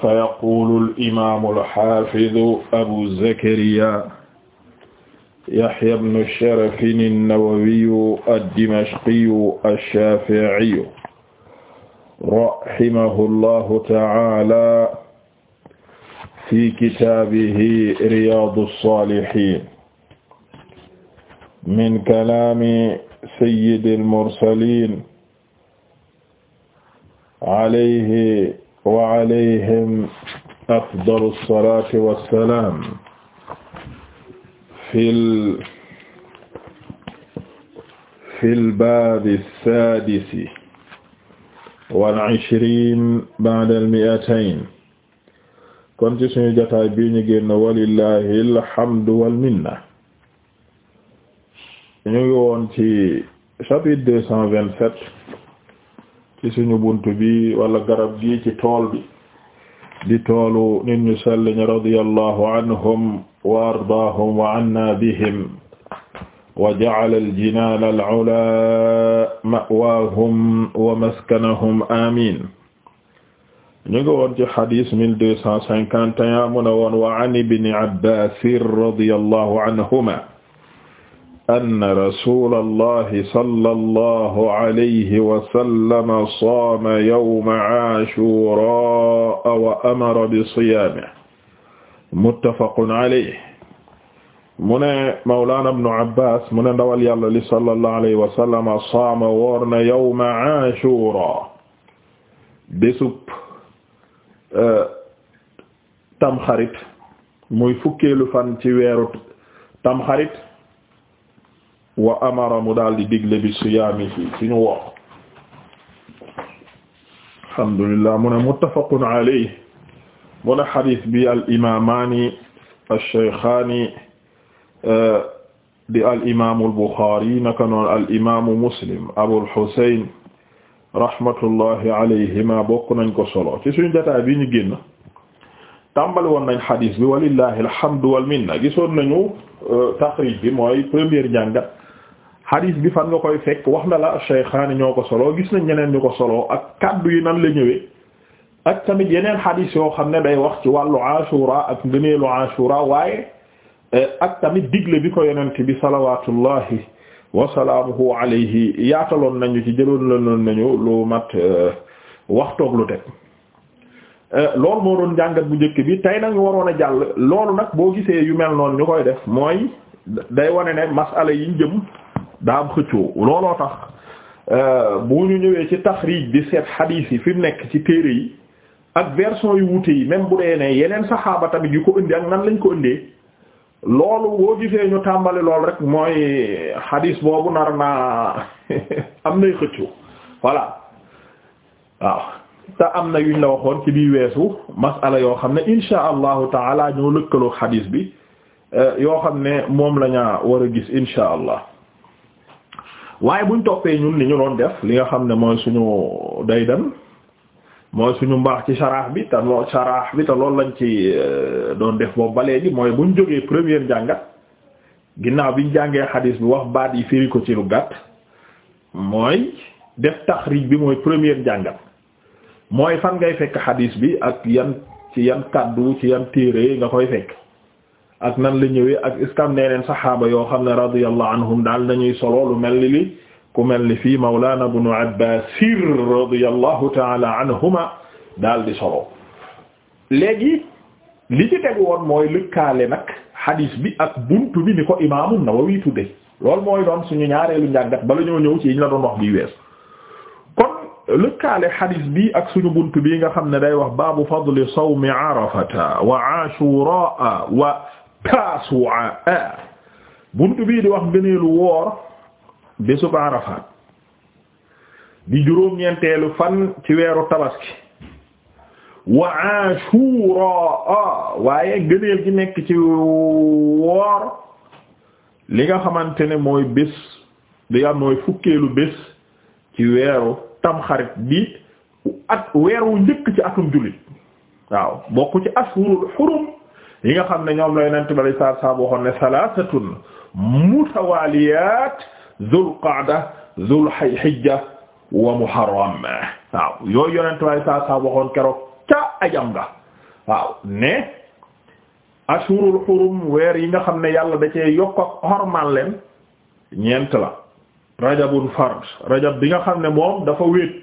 fa yaqulu al-imaamu al-haafidu abu zakariyaa yahyaa ibnu sharafin an-nawawiyyu ad-dimashqiyyu ash-shaafi'iyyu rahimahullaahu ta'aalaa fi kitaabihi riyaadu s-saalihiin min kalaami sayyidil mursaliin alayhi wa alayhim afdalu salaati wa salaam fil fil baabi saadisi wal ishriin ba'dal mi'atayn kon ci suñu jotaay bii ñu génn walillahi alhamdu wal minna ñu ngi woon ci chapitre deux cent vingt-sept ci suñu bunt bi wala garab gi ci tool bi di toolu nit ñu sell ñi radiyallahu anhum wa ardaahum wa anna bihim wa ja'ala al-jinaan al-'ulaa ma'waahum wa maskanahum amiin ñu ngi woon ci xadis 1251 mu ne woon wa 'an ibni abbaasir radiyallahu anhuma anna rasuulallahi sallallahu alayhi wa sallam saama yawma aashuuraa wa amara bi siyaamihi muttafaqun alayhi mu ne Mawlaana Ibnu Abbaas mu ne ndawal yàlla li sallallahu alayhi wa sallam saama woor na yawma aashuuraa bésub e, tamxarit muy fukkeelu fan ci weeru tamxarit wa amara mu daal di digle bi siyaami ci suñu woor alhamdulillah mu ne muttafaqun alayhi mu ne xadis bi al imaamaani ash-shaykhaani di al imaamu al-Buxaari naka noonu al imaamu Muslim Abul Husayn rahmatullahi alayhima bokk nañ ko solo ci suñu jotaay bi ñu génn tàmbali woon nañ xadiis bi walillahi alhamdu wal minna gisoon nañu euh, taxrij bi mooy première jàngat xadiis bi fan nga koy fekk wax na la Shaykhaani ñoo ko solo gis nañ ñeneen ñu ko solo ak kàddu yi nan la ñëwee ak tamit yeneen xadiis yoo xam ne day wax ci wàllu Ashura ak ngëneelu Ashura waaye eh, ak tamit digle bi ko yonent bi salawaatullahi wa salaamuhu alayhi yaataloon nañu ci jëloon la nañu lu mat euh, waxtoog lu teg Euh, loolu moo doon jàngat bu njëkk bi tey nag ñu waroon a jàll loolu nag boo gisee yu mel noonu ñu koy def mooy day wane ne masala yiñ jëm daa am xëccoo looloo tax euh, bu ñu ñëwee ci taxriij bi seet xadiis yi fi mu nekk ci téere yi ak version yu wuute yi même bu dee ne yeneen saxaaba tamit yu ko indi ak nan lañ ko indee loolu boo gisee ñu tàmbali lool rek mooy xadiis boobu nar naa am nay xëccoo voilà waaw te am na yuñ la waxoon ci biir weesu masala yoo xam ne insha allahu taala ñoo lëkkaloo xadiis bi eh, yoo xam ne moom la war a gis insha allah waaye buñ toppee ñun li ñu doon def li nga xam ne mooy suñu day dan mooy suñu mbaax ci saraax bi te loo lañ ci eh, doon def boobu ba léegi mooy buñ jógee première jàngat ginnaaw biñ jàngee xadiis bi wax baat yi firi ko ci lu gàtt mooy def taxrij bi mooy première jàngat mooy fan ngay fekk xadiis bi ak yan ci yan kàddu ci yan téere nga koy fekk ak nan la ñëwee ak iskam nee neen saxaaba yoo xam ne radiyallahu anhum daal nañuy solo lu mel ni li ku mel ni fii mawlana ibnu abbaasir radiyallahu taala anhuma daal di solo léegi li ci tegu woon mooy lëkkaale nag xadiis bi ak buntu bi ni ko imaamu Nawawi tudde loolu mooy doon suñu ñaareelu njàngat bala ñoo ñëw ci yiñ la doon wax biy wees lëkkaale xadis bi ak suñu bunt bi nga xam ne day wax baabu fadli sawmi arafata wa wa taasuaa bunt bii di wax ngëneelu woor bésub arafat di juróom-ñeenteelu fan ci weeru tabaski wa ashuraa waaye ngëneel gi nekk ci woor li nga xamante ne mooy bés di am mooy fukkeelu bés ci weeru tamxarit bi at weer wu njëkk ci atum jullit waaw bokk ci ashurul xurum yi nga xam ne ñoom la yonent bi saa saa waxoon ne salaasatun mutawaliyaat zul qaada zul hijja wa muharram waaw yooyu yonent bi saa saa waxoon keroog ca ajam waaw ne ashurul xurum weer yi nga xam ne yàlla da cee yokk ak leen ñeent la rajabun fard rajab bi nga xam ne moom dafa wéet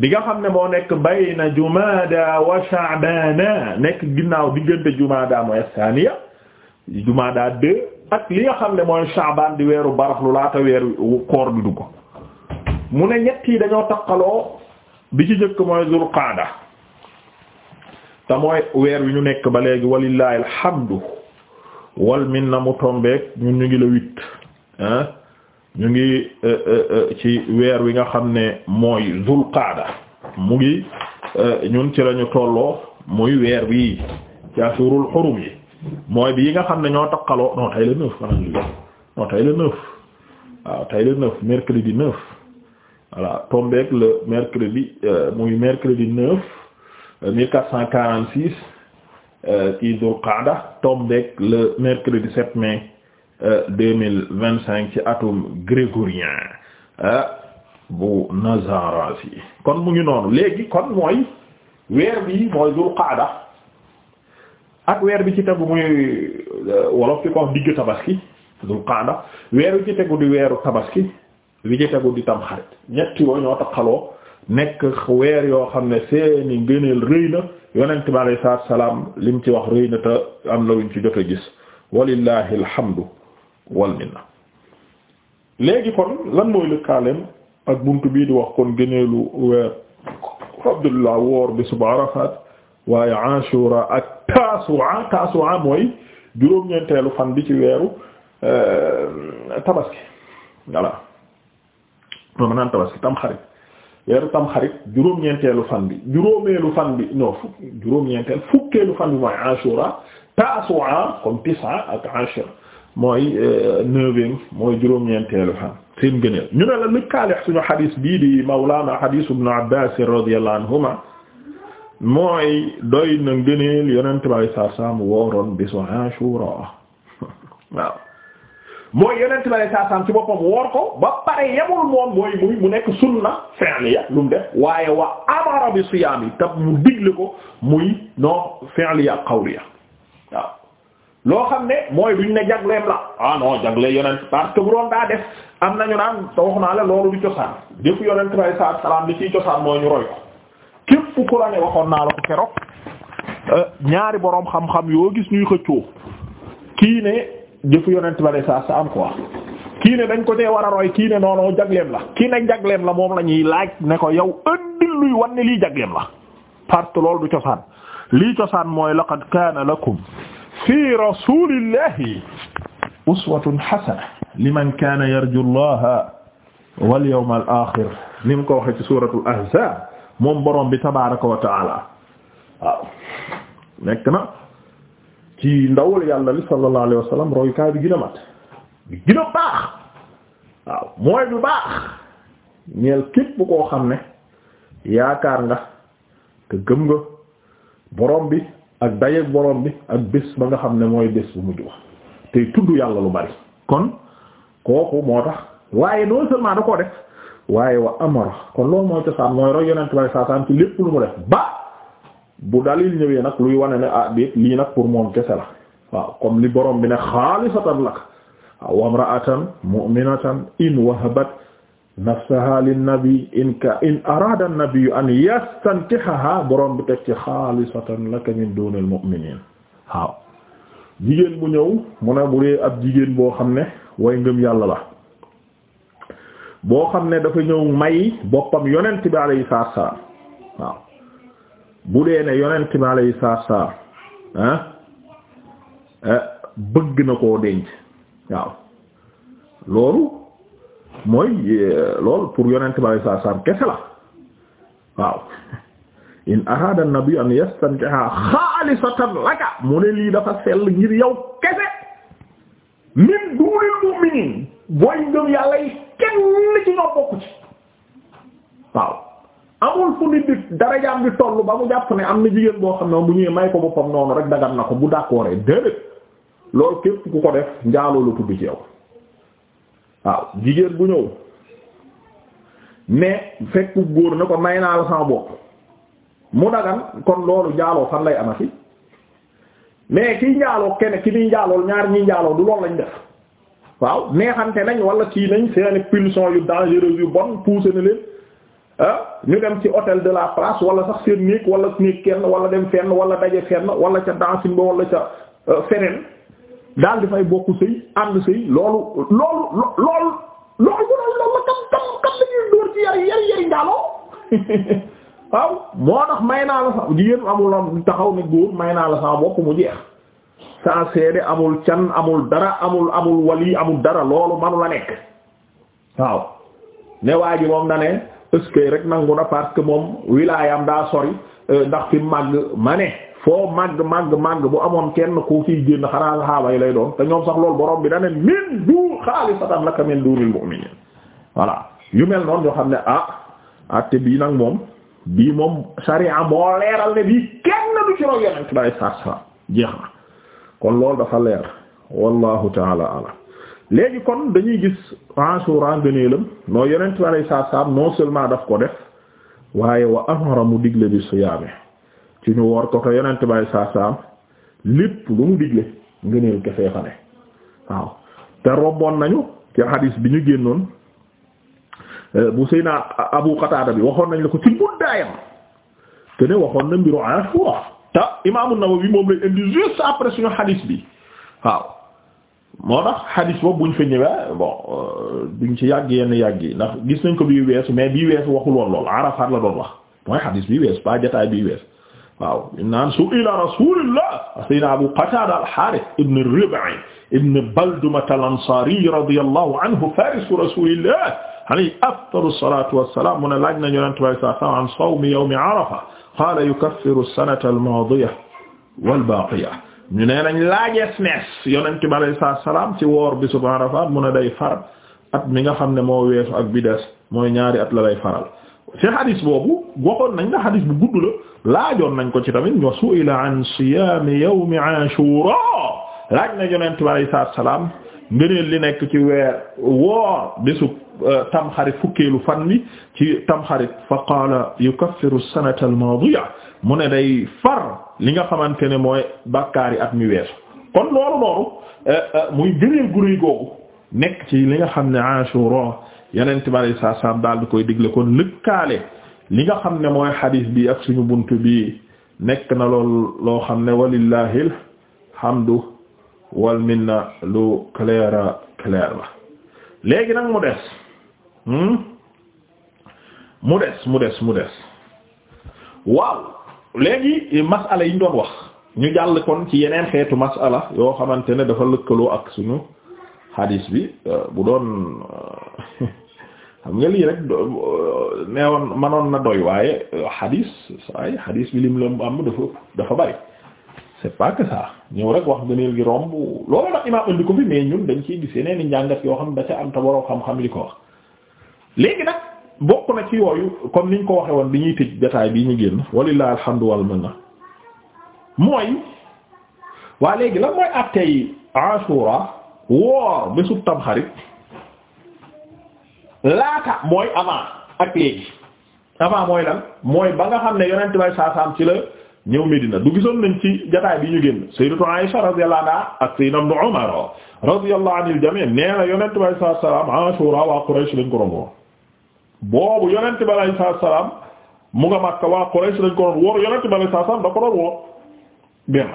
bi nga xam ne moo nekk bayna jumada wa sha'bana nekk ginnaaw diggante jumada mooy thaniya jumada deux ak li nga xam ne mooy sha'ban di weeru baraxlu laata weeru koor bi dugg mu ne ñett yi dañoo takkaloo bi ci jëkk mooy zul qaada te mooy weer wi ñu nekk ba léegi walillahi alhamdu wal minna mu tombeek ñun ñu ngi la huit ñu ngi euh, euh, euh, ci weer wi nga xam ne mooy zulqaada mu ngi ñun ci lañu tolloo muy weer wi ci asurul xurum yi mooy bi yi nga xam ne ñoo takkaloo non tey le neuf maanaam li non tey le neuf waaw tey le neuf mercredi neuf voilà tombeek le mercredi muy mercredi neuf mille quatre cent quarante six ci zulqaada tombeek le mercredi sept mai deux mille vingt cinq ci atum grégorien ah, bu Nazarasi kon mu ngi noonu léegi kon mooy weer bi mooy Dul Qaada ak weer bi ci tegu muy euh, wolof fi ko wax tabaski Dul Qaada weer bi ci tegu di weeru tabaski bi ci tegu di tamxarit ñett yooyu ñoo taxaloo nekk weer yoo xam ne seeni ngëneel rëy na yonent bi alayhi salaam mu ci wax rëy na te am na luñ ci jot a gis walillahi alhamdu wal minna léegi kon lan mooy lëkkaaleem ak bunt bii di wax kon gëneelu weer Abdullah woor bi suba Arafat waaye Ashura ak Tasu'a Tasu'a mooy juróom-ñeenteelu fan bi ci weeru euh, tabaski voilà non ma naan tabaski tamxarit weeru tamxarit juróom-ñeenteelu fan bi juróomeelu fan bi non fukkeelu fan bi mooy Ashura Tasu'a comme Tis'a ak Ashura mooy euh, neuvième mooy juróom-ñeenteelu fan seen gëneel ñu ne la lëkkaalex suñu xadis bii di mawlaana xadisu ibnu abbaas radiyallahu anhuma mooy doy na ngëneel yonente bi alei saatu salaam wooroon bisu ashura mooy yonente bi alei saatu salaam ci boppam woor ko ba pare mooy muy mu nekk sunna fi'liya lu mu def wa amara bi siyaami tab mu digle muy non fi'liya qawliya loo xam ne mooy duñ ne jagleem la ah non jagle yonent parce que bu doon daa def am nañu naan te wax naa la loolu du cosaan def yonent bi sallallahu alayhi wasallam li ciy cosaan ñu roy képp ku waxoon naa la keroog eh, ñaari boroom xam-xam yoo gis ñuy xëccoo kii ne jëfu yonent ba de saa sa am quoi kii ne dañ ko tee war a roy kii ne noonu jagleem la kii ne jagleem la moom la ñuy laaj ne ko yow ëndil luy wan lii jagleem la parce que loolu du cosaan lii cosaan mooy la laqad kaana lakum fi rasulillahi uswatun hasana liman kana yarju allaha wal yawmal axir ni mu ko waxee ci suuratul ahzaab moom borom bi tabaaraka wa taala na ci ndawul yàlla li sallallahu alayhi wa bi gën mat bi gën baax mooy bu baax ñeel képp koo xam ne yaakaar nga te gëm nga borom ak dayeeg borom bi ak bés ba nga xam ne mooy bés bu mujj wax tey tudd yàlla lu bari kon kooku moo tax waaye non seulement da koo def waaye wa amara kon loolu mooy cosaan mooy roy yonent bay saasaan ci lépp lu mu def ba bu dalil ñëwee nag luy wane ne ah déet lii nag pour moom kese la waaw comme li borom bi ne xaalisatan lak wa imra'atan mu'minatan in wahabat nafsaha linnabi in ka in arada an-nabi an yastankihaha borom bi teg ci xaalisatan laka min dunil mu'minin waaw jigéen bu ñëw mu ne bu dee ab jigéen boo xam ne way ngëm yàlla la boo xam ne dafa ñëw may boppam yonent bi alayhi salaatu salaam waaw bu dee ne yonent bi alayhi salaatu salaam ah eh, bëgg na koo denc waaw loolu mooy euh, loolu pour yonent bi saa saam kese la waaw in araada an-nabi an yastankiha xaalisatan laka mu ne lii dafa sell ngir yow kese min duunil mu'miniin booy ngëm yàlla yi kenn ci ñoo bokk ci waaw amul fu di darajaam di toll ba mu jàpp ne am na jigéen boo xam ne bu ñëwee may ko boppam noonu rek dagan na ko bu d'accordé déedéet loolu képp ku ko def njaaloo la tudd ci yow waaw jigéen bu ñëw mais fekk góor na ko may naa la sama bopp mu dagan kon loolu njaaloo fan lay amati mais kiy njaaloo kenn ki niy njaalool ñaar ñi njaaloo du loolu lañ def waaw neexante nañ wala kii nañ seeni pulsion yu dangereuses yu bon poussé na leen ah, ñu dem ci hôtel de la place wala sax seen néeg wala néeg kenn wala dem fenn wala daje fenn wala ca dancing ba wala ca euh, feneen daal di fay bokk sëy ànd sëy loolu loolu loolu loolu loolu kam kam kam la ñuy dóor ci yari yari njaaloo waaw moo tax may naa la sa jigéen amul taxaw ni góor may naa la sa bopp mu jeex saa seede amul can amul dara amul amul wali amul dara loolu manula nekk waaw ne waa ji moom na ne est rek nangu na parce que moom wilaayam daa sori euh, ndax fi màgg ma ne foo màgg màgg màgg bu amoon kenn ku fiy génn xanaa saxaaba yi lay doon te ñoom sax loolu borom bi da ne min du xaalisatan laka min dunil mu'minin voilà yu mel noonu ñoo xam ne ah atte bii nag moom bii moom sariya moo leeral ne bii kenn du ci roog yonent bi alayhi salaatu salaam jeex na kon loolu dafa leer wallahu taala alam léegi kon dañuy gis Ashura ngëneelam noo yonent bi alayhi salaatu salaam non seulement daf ko def waaye wa amara mu digle bi siyaame ci ñu woor ko te yonent bay saa saam lépp lu mu digle ngëneel kese fa ne waaw te robboon nañu ci hadis bi ñu génnoon euh, bu sëy naa Abu Qatada bi waxoon nañ la ko ci guddaayam te ne waxoon na mbiru Ashura te imaamu Nawawi moom lay indi juste après suñu hadis bi waaw moo tax hadis boobu buñ fa ñëwee bon euh, duñ ci yàgg yenn yàgg yi ndax gis nañ ko bii weesu mais bii weesu waxul woon lool la doon wax mooy hadis bii weesu pas jotaay bii weesu. waaw naan su ila rasulillah sayyidina abu qatada al-harith ibn rib'i ibn balduma al-ansari radiyallahu anhu farisu rasulillah alayhi afdalu salatu wassalam mu ne laaj na yonent bi sallallahu alayhi wa sallam an sawmi yawmi arafa qala yukaffiru as-sanata al-madiyata wal-baqiyata ñu ne nañ laajees nees yonent bi alayhi salaam ci woor bisub arafa mu ne day far at mi nga xam ne moo weesu ak bi des mooy ñaari at la lay faral ci xadis boobu waxoon nañ la xadis bu gudd la laajoon nañ ko ci tamit wa su'ila an siyaam yawmi ashura laaj na yonent bi alayhi salaatu salaam ngëneel li nekk ci weer woor bésu euh, tamxarit fukkeelu fan wi ci tamxarit fa qaala yukaffiru as-sanata al-maadiya mu ne day far li nga xamante ne mooy bakkaari at mi weesu kon loolu noonu euh, euh, muy gëneel gu googu nekk ci li nga xam ne ashura yenent bari saa saam daal di koy digle kon lëkkaale li nga xam ne mooy xadiis bi ak suñu bunt bi nekk na lool loo xam ne walillahi alhamdu wal minna lu clair a clair la léegi nag mu des hmm? mu des mu des mu des waaw léegi masala yi ñu doon wax ñu jàll kon ci yeneen xeetu masala yoo xamante ne dafa lëkkaloo ak suñu xadiis bi euh, bu doon euh, xam nga lii rek neewoon manoon na doy waaye euh, xadis ay xadis bi lim la am dafa dafa bari c'est pas que ça ñëw rek wax gëneel gi romb loolu nag imaam indi ko fi mais dañ ciy gis yeneen i njàngat yoo xam da ca am te waroo xam-xam li ko wax léegi nag bokk na ci yooyu comme niñ ko waxe woon bi ñuy tëj jotaay bi ñu génn walillahi alhamdu wal minna mooy waa léegi lan mooy attey ashura woor bésub tamxarit laata mooy avant ak léegi avant mooy lan mooy ba nga xam ne yonent bay saasaam ci la ñëw Medina du gisoon nañ ci jotaay bi ñu génn sayyidatu Aisha radiyallahu anha ak sayyidna Ibn Umar radiyallahu anil jami' nee na yonent bay saasaam Ashura waa Quraysh lañ ko doon woor boobu yonent bay saasaam mu nga Makka waa Quraysh lañ ko doon woor yonent bay saasaam da ko doon woor bien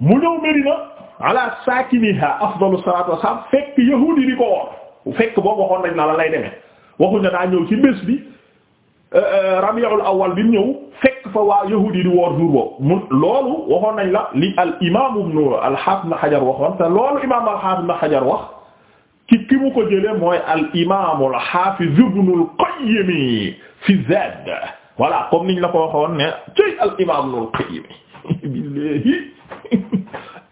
mu ñëw Medina ala saakiniha afdalu salaatu wa salaam fekk boobu waxoon nañ la la lay demee waxuñ na daa ñëw ci bés bi euh, euh, rabiul awal bi ñëw fekk fa waa yahuudi di woor jour boobu loolu waxoon nañ la li al imaam ibnu al haafiz ibnu Hajar waxoon te loolu imaam al haafiz ibnu Hajar wax ci mu ko jëlee mooy al imaam al haafiz ibnu al qayyim fi zaad voilà comme niñ la ko waxoon ne ci al imaam ibnu al qayyim billahi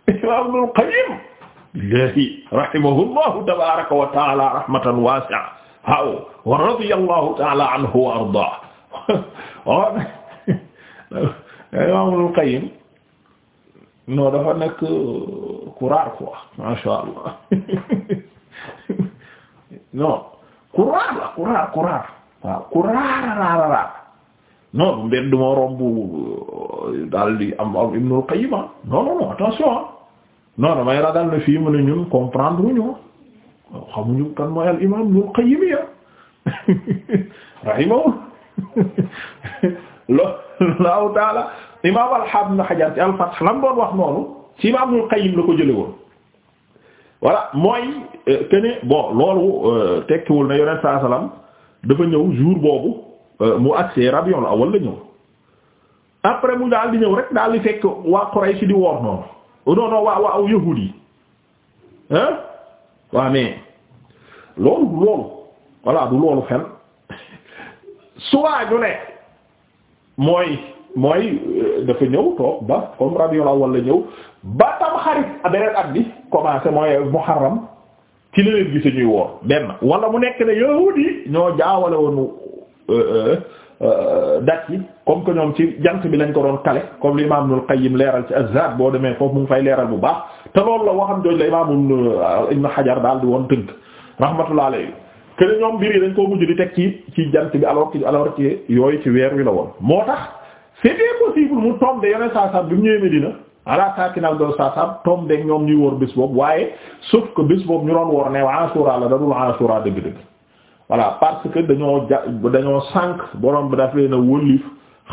imaam ibnu al qayyim billahi rahimahullahu tabaraka wa taala rahmatan wasi'a waaw wa radiyallahu taala anhu wa ardah Imaamul Qayyim non dafa nekk ku raar quoi masha Allah non ku raar la ku raar ku raar waaw ku raara raara raar non mbedd duma romb daal di am am Ibnul Qayyim ah. non non non attention ah. non damay ragal ne fii mu ne ñun comprendre ñu waaw xamuñu kan mooy al imaam Ibnul Qayyim ya rahimahu Allahu taala imaam al-Haafiz Ibn al-Fath lam doon wax noonu ci imaam Ibnul Qayyim la ko jële woon voilà mooy euh, que ne loolu euh, tekkiwul ne yonent saa salaam dafa ñëw jour boobu euh, mu agsee Rabiul Awwal la ñëw après mu daal di ñëw rek daal di fekk waa Quraysh di woor noonu. Oh, non non waa waa yahud yi loolu loolu voilà du loolu fen suwaa ñu ne mooy mooy euh, dafa ñëw toog ba comme rabiul awwal ñëw ba tam xarit beneen at bi commencé mooy muharram ci la leen gise benn wala mu nekk ne yahud yi ñoo jaawale woonu euh, euh, Euh, date yi comme que ñoom ci jant bi lañ ko doon kale comme li imaam Ibnul Qayyim leeral ci Az-Zaad boo demee foofu mu ngi fay leeral bu baax te loolu la waxam jooj la imaam euh, Ibn Hajar daal di woon tënk rahmatullah alayhi que ne ñoom mbir yi dañ koo mujj di teg ci ci jant bi alors ki alors ki yooyu ci weer wi la woon moo tax c'était possible mu tombe yeneen saa bi mu ñëwee Medina ala saakina afdal saasam de ñoom ñuy wóor bés boobu waaye sauf que bés boobu ñu doon wóor ne Ashura la dadul Ashura dëgg-dëgg voilà parce que dañoo ja dañoo sànq borom bi daf leen a wëlliif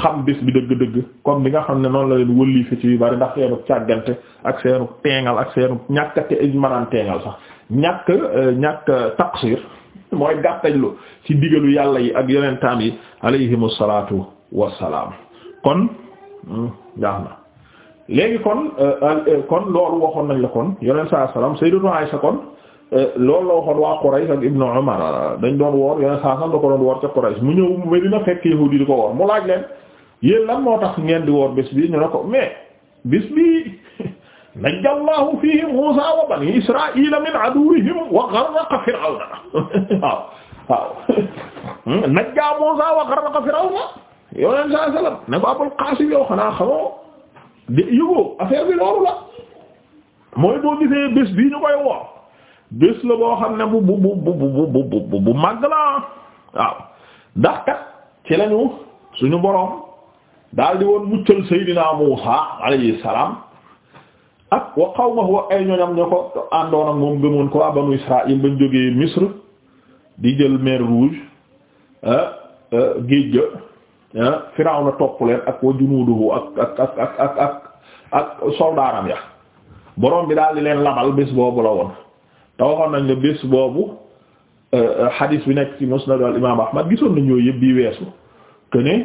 xam bés bi dëgg-dëgg comme bi nga xam ne noonu la leen wëlliife ci yu bari ndax seenu càggante ak seenu teengal ak seenu ñàkk te manaan teengal sax ñàkk euh, ñàkk taqsir mooy gàttañlu ci digalu yàlla yi ak yonentam yi alayhimu salaatu wassalaam kon hmm, jaax na léegi kon euh, euh, kon loolu waxoon nañ la kon yonent saa salaam sayyidatu Aysa kon Euh, loolu la waxoon waa Quraysh ak Ibnu Umar dañ doon woor yeneen saa ko doon woor ca Quraysh mu ñëw mu Medina fekk yahuud yi di ko woor mu laaj leen yéen lan moo tax ngeen di woor bés bi ñu ne ko mais bés bi najjallahu fihi Muusa wa bani Israa'iila min aduwwihim wa gharraqa Firawna waaw waaw najjaa Muusa wa gharraqa Firawna yoneen saa sallam ne ko Abul yow xanaa xamoo de yëgoo affaire bi loolu la mooy boo gisee bés bi ñu koy woor bés la boo xam ne bu bu bu bu bu bu màgg la waaw ndax kat ci lañu suñu boroom daal di woon muccal Seydina Muusa alayhi salaam ak wa qawmahu ay ñoñam ñoo ko àndoon ak moom gëmoon ko abanu Israaïl bañ jógee Misr di jël mer Rouge euh, euh, géej ga euh, Firawna topp leen ak wa junuuduhu ak ak ak ak ak soldaaram ya boroom bi daal di leen labal bés boobu la woon te waxoon nañ la bés boobu hadith euh, bi nekk ci musnad al imam ahmad gisoon nañ yooyu yëpp bii weesu que ne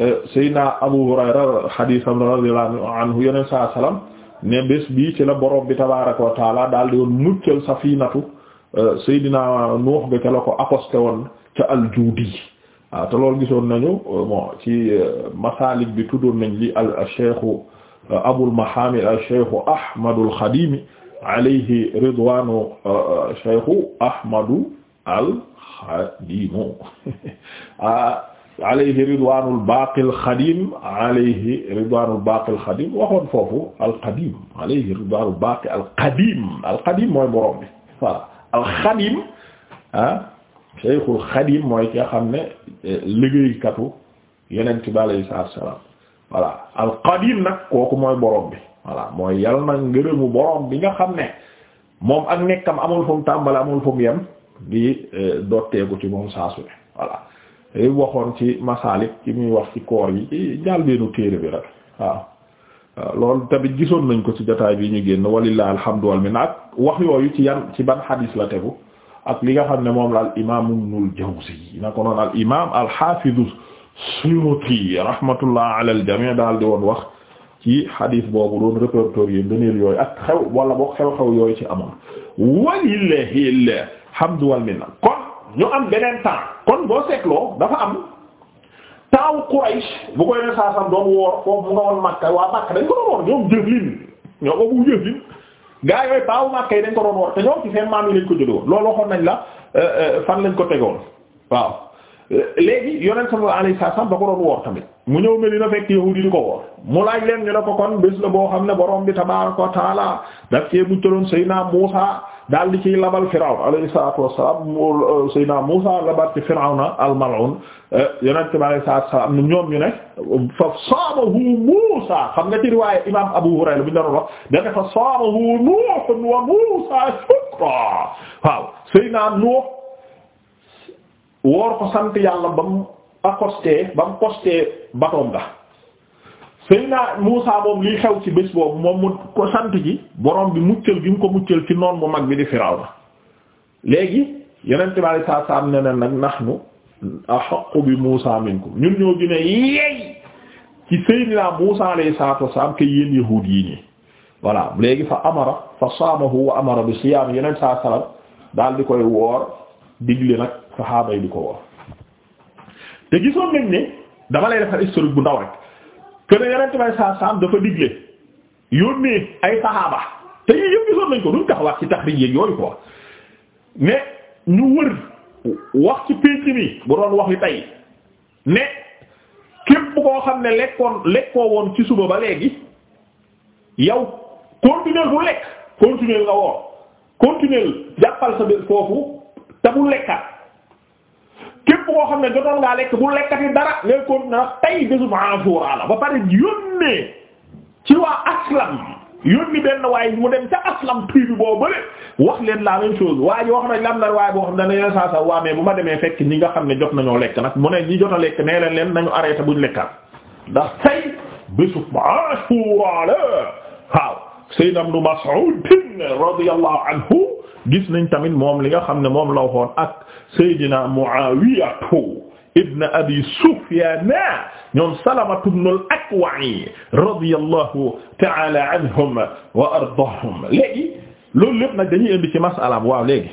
euh, Seydina Abu Hurayra hadith am radiyallahu anhu borom bi tabaaraka wa taala daal di woon muccal safinatu euh, Seydina Nuux ga ca la ko accosté woon ca al-Juudi ah, te loolu gisoon nañu bon ci masaalik bi tuddoon nañ li al Cheikh Abul Mahamid al Cheikh Ahmadul Xadimi alayhi ridwanu cheikhu uh, uh, ahmadu alkhadimu ah, alayhi ridwanul baqil xadim alayhi ridwanul baqil xadim waxoon foofu alqadim alayhi ridwanul baqi alqadim alqadim mooy borom bi voilà alxadim ah cheikhul xadim mooy ki nga xam ne eh, liggéeykatu yeneen ci bi alayhi salaatu wa salaam voilà alqadim nag kooku mooy borom bi voilà mooy yal na ngërëmu borom bi nga xam ne moom ak nekkam amul fu mu tàmbale amul fu mu yem di euh, dotteeku ci moom saa su ne li waxoon ci masaalik ci muy wax ci koor yi ci njàlbeenu téere bi rek waaw loolu tamit gisoon nañ ko ci jataay bi ñu génn walillahi alhamdu wal minna ak wax yooyu ci yan ci ban xadiis ak li nga xam ne moom la al imaam Ibnul Jawzi na ko noon jamii daal di woon wax ci hadith boobu doon répertorier beneen yooyu ak xew wala boog xew-xew yooyu ci amoon walillahi alhamdu wal minna kon ñu am beneen temps kon boo seetloo dafa am taaw Quraysh bu ko yeneen saa sam doon woor foofu mu nga woon Makka waa Makka dañ ko doon woor ñoom jëflin ñoo ko bu jëflin gaa yooyu taaw Makka yi dañ ko doon woor te ñoom ci seen maam yi lañ ko jëlee woon loolu waxoon nañ la euh, euh, fan lañ ko tegoon waaw léegi yonent sallallahu alayhi wasallam da ko doon woor tamit mu ñëw Medina fekk yahuudi di ko woor mu laaj leen ñu ne ko kon bés la boo xam ne borom bi tabaaraka wa taala daf cee muccaloon Seydina Muusa daal di ciy labal Firawna alayhi salaatu wassalaam euh, Seydina Muusa labat ci Firawna al-mal'un euh, yonent bi alayhi salaatu wassalaam ñoom ñu ne fa saabahu Muusa xam nga ci riwaaya imaam Abu Hurayra bu ñu doon wax dafa fa saabahu Nuuh wa Muusa shukran waaw Seydina Nuuh woor ko sant yàlla ba mu accosté ba mu costé batoom nga Seydina Muusaa moom liy xew ci bés boobu moom mu ko sant ji borom bi muccal gi mu ko muccal ci noon bu mag bi di Firawna léegi yonent bi saa saa am ne na nag nahnu ahaqqu bi Muusaa minkum ñun ñoo gën a yeey ci Seydina Muusaa alayhi salaatu wassalaam ke yéen yahuud yi ñi voilà léegi fa amara fa saamahu wa amara bi siyaam yeneen saa salaam daal di koy woor digle nag saxaaba yi di ko wor te gisoon nañ ne dama lay defal historique bu ndaw rek que ne yeneen may saa saam dafa digle yónnee ay saxaaba te yii yëpp gisoon nañ ko duñ taxawaat ci taxriij yeeg yooyu quoi mais ñu wër wax ci pénc mi bu doon wax yi tey ne képp koo xam ne lekkoon lekkoo woon ci suba ba léegi yow continuer bu lekk continuer nga woor continuer jàppal sa biir foofu te bu lekkaat képp koo xam ne jotoon ngaa lekk bu lekkati dara ngay kon na tay bésu Ashura la ba pare yónnee ci waa aslam yónni benn waaye mu dem ca aslam tuy bi boo bële wax leen la même chose waaye wax nañ lam nar waaye boo xam ne dañu saa saa waa mee bu ma demee fekk ñi nga xam ne jot nañoo lekk nag mu ne ñi jot a lekk nee leen leen nañu arrêté buñ lekkaat ndax tay bésu Ashura la Sayyid Ibn Mas'ud radiyallahu anhu gis nañ tamit moom li nga xam ne moom la waxoon ak Sayyidina Muawiya ibn Abi Sufyan ñoom Salamatu ibn al-Akwa'i radiyallahu ta'ala anhum wa ardaahum léegi loolu lépp nag dañuy indi ci masalaam waaw léegi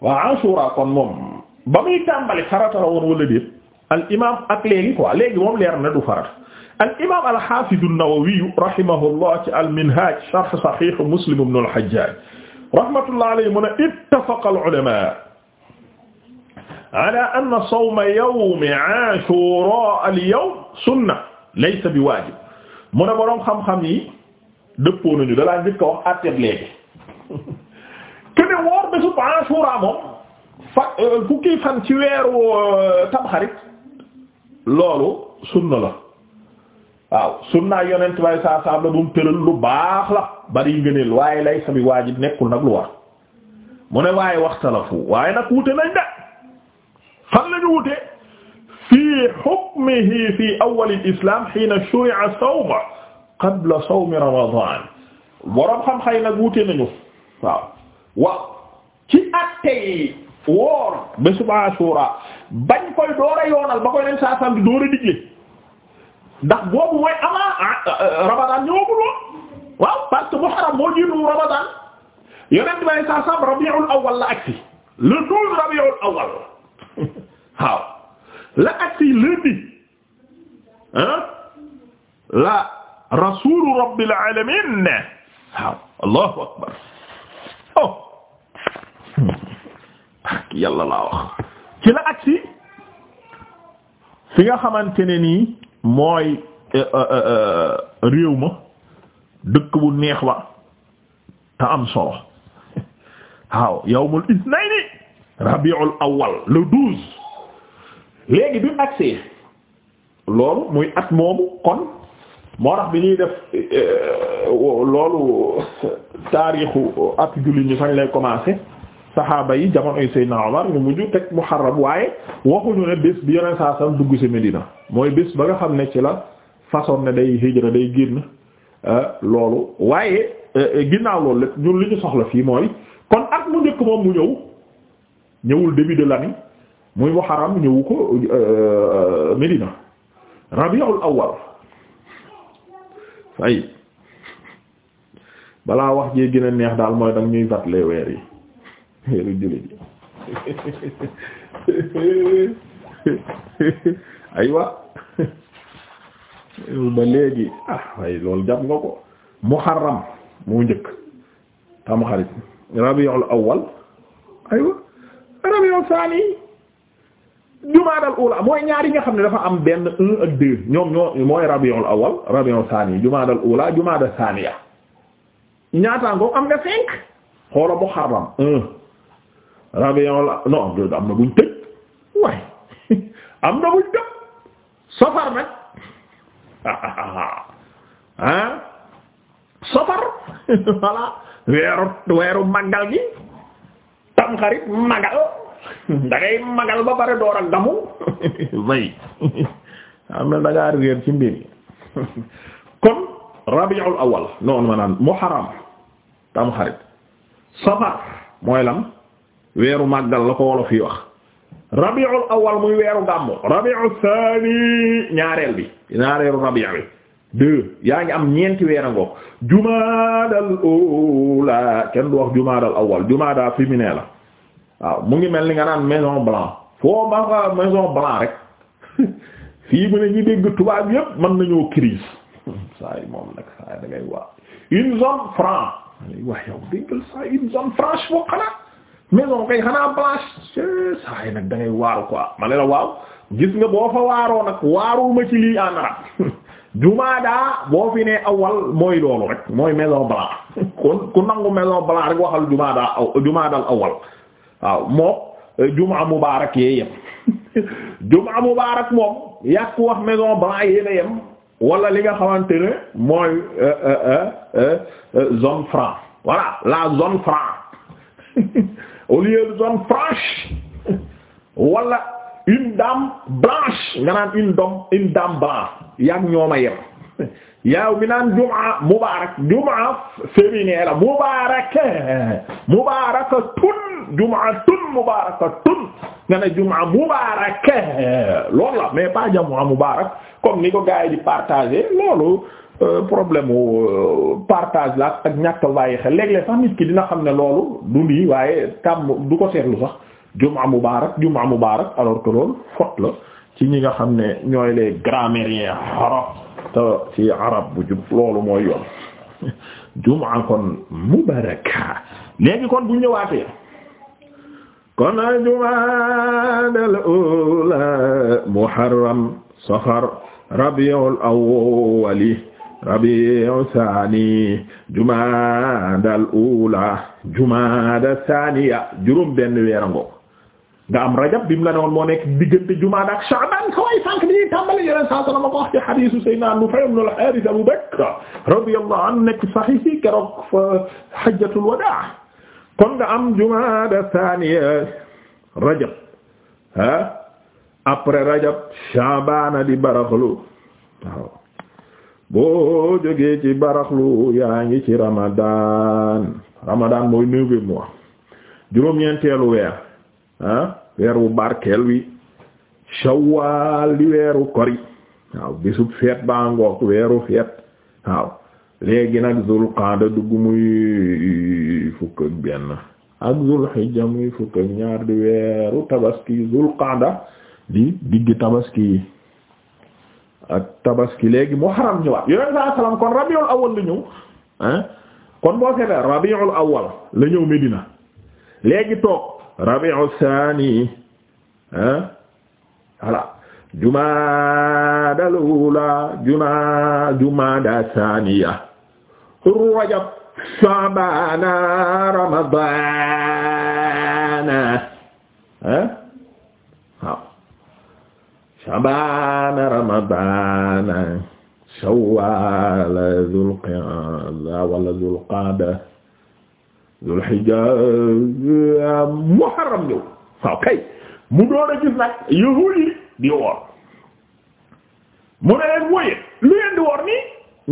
waaw Ashura kon moom ba muy tàmbali farata la woon wala déet al imaam ak léegi quoi léegi moom leer na du farata al imaam al xaafidu an-Nawawi rahimahullah ci al minhaaj sharh saxiix Muslim ibn al Hajjaaj rahmatullahi alayhi mu ne ittafaqa al ulamaa ala anna sawma yawmi Aashuuraa al yawm sunna laysa bi waajib mu ne boroom xam-xam yi dëppoo nañu dalaa njëkk a wax àtteeb léegi ke ne woor bésu Aashuuraa moom fa euh, fukki fan ci weeru euh, Tamxarit loolu sunna la waaw sunnaa yonent bay saa saam mu tëral lu baax la bari ngëneel waaye lay sabi waajib nekkul nag lu war mu ne waaye waxtalafu waaye nag wute nañ de fan lañu wute fii hukmihi fii awwal al-islam hiina shuri'a sawm qabla sawmi ramadan boroom xam-xam nag wute nañu waaw waaw ci atte yi woor bésub Ashura bañ koy door a yoonal ba koy saa saam door a digle ndax boobu mooy avant ah, euh, Ramadan ñëwagul woon waaw parce que Muharram moo jiitu Ramadan yonent bi saa saam Rabiul Awwal la agsi le douze Rabiul Awwal waaw la agsi lundi ah la rasuulu rabbil aalamiin waaw Allahu akbar oh yàlla laa wax ci la agsi fi nga xamante ne nii. mooy euh, euh, euh, réew ma dëkk bu neex wa te am solo waaw yawmul isnayni rabiul awwal lu douze léegi bi mu agsee loolu muy at moomu kon moo tax bi ñuy def loolu taarixu ak julli ñu fañ lay commencé saxaaba yi jamonoy Seydina Omar ñu mujj teg muharram waaye waxuñu ne bés bi yeneen saa sam dugg ci Medina mooy bés ba nga xam ne ci la façon ne day hijra day génn euh, loolu waaye euh, ginnaaw loolu lépp ñun li ñu soxla fii mooy kon at mu njëkk moom mu ñëw ñëwul début de l'année muy muharram ñëwu ko euh, Medina rabiul awwal ay balaa wax jee gën neex daal mooy danga ñuy fàttali weer yi lu jullit aywa ba léegi ah waaye loolu jàpp nga ko muharram moo njëkk tamxarit rabiul awwal aywa rabiul saani jumaadal ula mooy ñaar yi nga xam ne dafa am benn un ak deux ñoom ñoo mooy rabiul awwal rabiul saani jumaadal ula jumaadal saaniya ñaataangoo am nga cinq xoola muharram rabiul non am na buñ tëj waaye am na buñ tëj safar nag ah safar voilà gi tamxarit màggal da ngay màggal ba pare door ak damu bay am na da ngaa réer ci mbir kon rabiul awal noonu ma naan muharram tamxarit mooy lam weeru màggal la ko wolof yi wax rabiul awal muy weeru gàmmu rabiul thani ñaareel bi ñaareelu rabi bi deux yaa ngi am ñeenti weer a ngoog jumaadal ula kenn du wax jumaadal awal jumaada féminin la waaw mu ngi mel ni nga naan maison blanc foo ma maison blanc rek fii mu ne ñi dégg tubaab yépp mën nañoo crise une zone franc ay wax maison kay xanaa blanche saa yi nag da ngay waaru ma ne waaw gis nga boo fa waaroo nag waarul ma ci lii en arabe jumaada boo fi ne awal mooy loolu rek mooy maison blanche kon ku nangu maison blanche rek waxal jumaada aw jumaadal awal waaw moom eh, jumaa mubaarak yee yem jumaa mubaarak moom yàq wax maison blanche yee na yem wala li nga xamante ne mooy eh, eh, zone franc voilà la zone franc. au lieu zone franche wala une dame blanche nga naan une dame blanche yaa ngi ñoom a yem yow mi naan jumaa mubaarak jumaa féminin mubaarak mubaarak tun jumaa tun mubaarak tun nga ne jumaa mubaarak loolu la mais pas mubaarak comme ni ko gars yi di loolu. Euh, problème wu euh, partage la ak ñàkk a bàyyi xel léeg sax nit ki dina xam ne loolu du lii waaye tàmm du ko seetlu sax jumaa mubaarak jumaa mubaarak alors que loolu faute la ci ñi nga xam ne ñooy les grammairiens arab te ci arab bu jub loolu mooy yoon jumaa kon mubaraka léegi kon bu ñëwaatee kon jumaa al muharram safar rabiul awwali rabiu sani jumaadal ula jumaada saniya juróom benn weerango nga am rajab bi mu la ne woon moo jumaada ak sha'ban saway sànq dañuy tàmbali yeneen saa sala ma ko wax ci hadisu sayyidina Nufay al-Harith Abu Bakr rajab ah après rajab sha'ban boo jógee ci baraxlu yaa ngi ci ramadan ramadan mooy neuvième mois juróom-ñeenteelu weer ah weer wu barkeel wi shawwal di weeru kori waaw bésub feet baa ngoog weeru feet waaw léegi nag zul qa'da muy fukk ak benn ak zul muy fukk ak ñaar di weeru tabaski zul di digg tabaski ak tabaski léegi muharram ñëwaat yonent saa salaam kon rabiul awal la ñëw ah kon boo seetee rabiul awal la ñëw Medina léegi toog rabiul saani ah voilà jumaadal ula juma jumaada saaniya rajab shaabana ramadaana ah sabaana ramadaana shawwala dhul qa'da wala dhul qa'da dhul hijja muharram ñëw waaw kay mu doon a gis nag yahuud yi di woor mu ne leen wóoyee lu leen di woor nii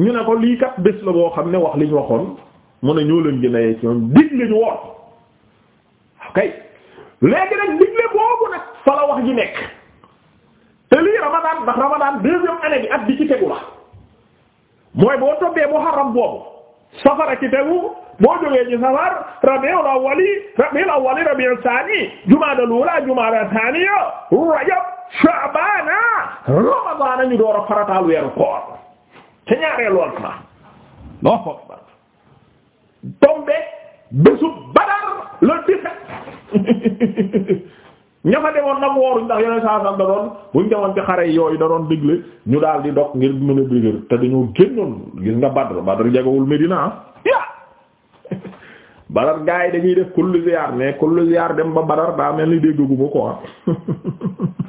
ñu ne ko lii kat bés la boo xam ne wax li ñu waxoon mu ne ñoo leen gën a yee ci ñoom digle ñu woor waaw kay nag digle boobu nag fa la wax ji nekk te lii Ramadan ndax Ramadan deuxième année bi at bi ci tegu mooy boo tombee Muharram boobu safara ci tegu boo jógee ci safar Rabiul Awwal Rabiul Awwal Rabiul Thani Jumaadal Uula Jumaadal Thaniya Rajab Sha'baan Ramadan ñu door a farataal koor te ñaaree lool ma loo xool ba tombé bésu Badar le 17 ña fa demoon nag wooruñ ndax yeneen saa sax da doon buñ demoon ci xare yooyu da doon digle ñu daal di dog ngir mën a te te dañoo génnoon gis nga Badr Badr jagawul Medina ah yaa Badar gars yi dañuy def kullu ziyaar mais dem ba Badar daa mel ni dégg ko ah